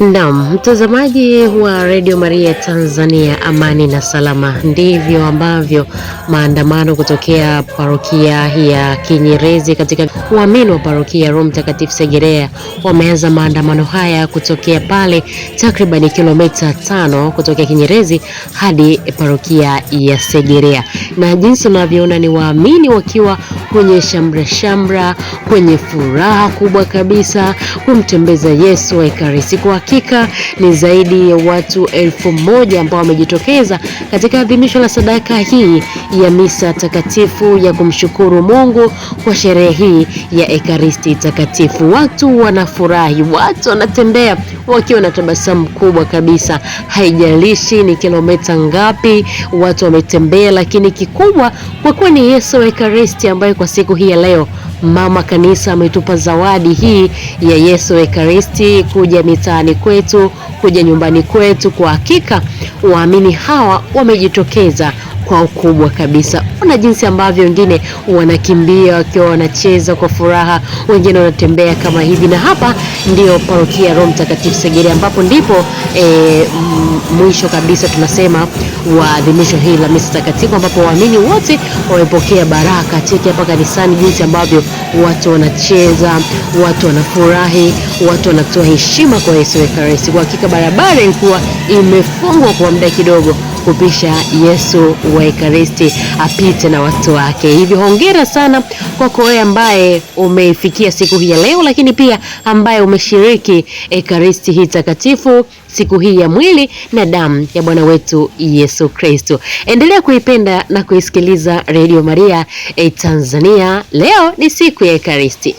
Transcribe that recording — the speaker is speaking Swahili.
Naam, mtazamaji wa Radio Maria Tanzania, amani na salama. Ndivyo ambavyo maandamano kutokea parokia ya Kinyerezi katika waamini wa parokia Roho Mtakatifu Segerea wameanza maandamano haya kutokea pale takribani kilomita tano kutokea Kinyerezi hadi parokia ya Segerea, na jinsi unavyoona ni waamini wakiwa kwenye shamra shamra, kwenye furaha kubwa kabisa kumtembeza Yesu wa Ekaristi. Kwa hakika ni zaidi ya watu elfu moja ambao wamejitokeza katika adhimisho la sadaka hii ya misa takatifu ya kumshukuru Mungu kwa sherehe hii ya Ekaristi takatifu. Watu wanafurahi, watu wanatembea wakiwa na tabasamu kubwa kabisa, haijalishi ni kilomita ngapi watu wametembea, lakini kikubwa kwa kuwa ni Yesu wa Ekaristi ambaye kwa kwa siku hii ya leo mama kanisa ametupa zawadi hii ya Yesu Ekaristi kuja mitaani kwetu, kuja nyumbani kwetu. Kwa hakika waamini hawa wamejitokeza kwa ukubwa kabisa. Ona jinsi ambavyo wengine wanakimbia wakiwa wanacheza kwa furaha, wengine wanatembea kama hivi, na hapa ndio parokia Roho Mtakatifu Segerea ambapo ndipo e, mwisho kabisa tunasema waadhimisho hili la misa takatifu, ambapo waamini wote wamepokea baraka. Cheki hapa kanisani jinsi ambavyo watu wanacheza, watu wanafurahi, watu wanatoa heshima kwa Yesu Ekaristi. Kwa hakika barabara ilikuwa imefungwa kwa muda kidogo kupisha Yesu wa Ekaristi apite na watu wake. Hivyo hongera sana kwako wewe ambaye umeifikia siku hii ya leo, lakini pia ambaye umeshiriki Ekaristi hii takatifu siku hii ya mwili na damu ya Bwana wetu Yesu Kristo. Endelea kuipenda na kuisikiliza Radio Maria e Tanzania. Leo ni siku ya Ekaristi.